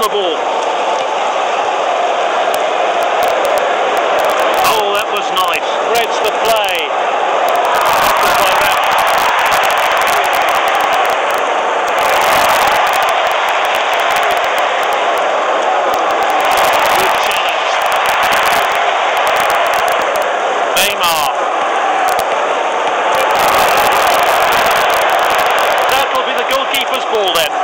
on the ball. Oh, that was nice. Threads the play. goalkeeper's ball then.